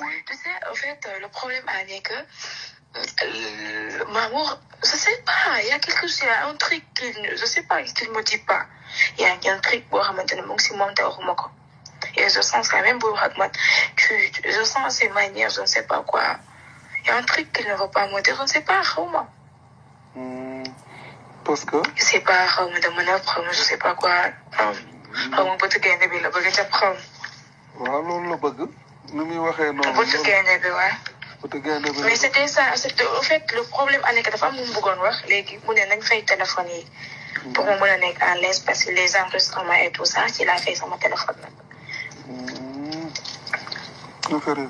Oui, Tu sais, en fait, euh, le problème que eux, maman je ne sais pas, il y a quelque chose, il y a un truc qui, je sais pas, qui ne me dit pas. Il y a, un truc il y a un truc, et je sens ça, même pour tu, je sens ses manières, je ne sais pas quoi. Il y a un truc qu'il ne veut pas me dire, je ne sais pas, comment. Hmm. parce que Je ne sais pas, je ne sais pas quoi. Je ne sais pas quoi. Je ne sais pas quoi. Je ne sais pas quoi ni muy waxee noonu. bëtu gaynde bi waaw. bëtu mais c'était ça c'était au fait le problème Aneka dafa am lu mu bëggoon wax léegi mu ne nañ fay téléphone yi. pour mu mën a nekk à l'aise parce que les enregistrements et tout ça ci laa fay sama téléphone mm-hmm. nag.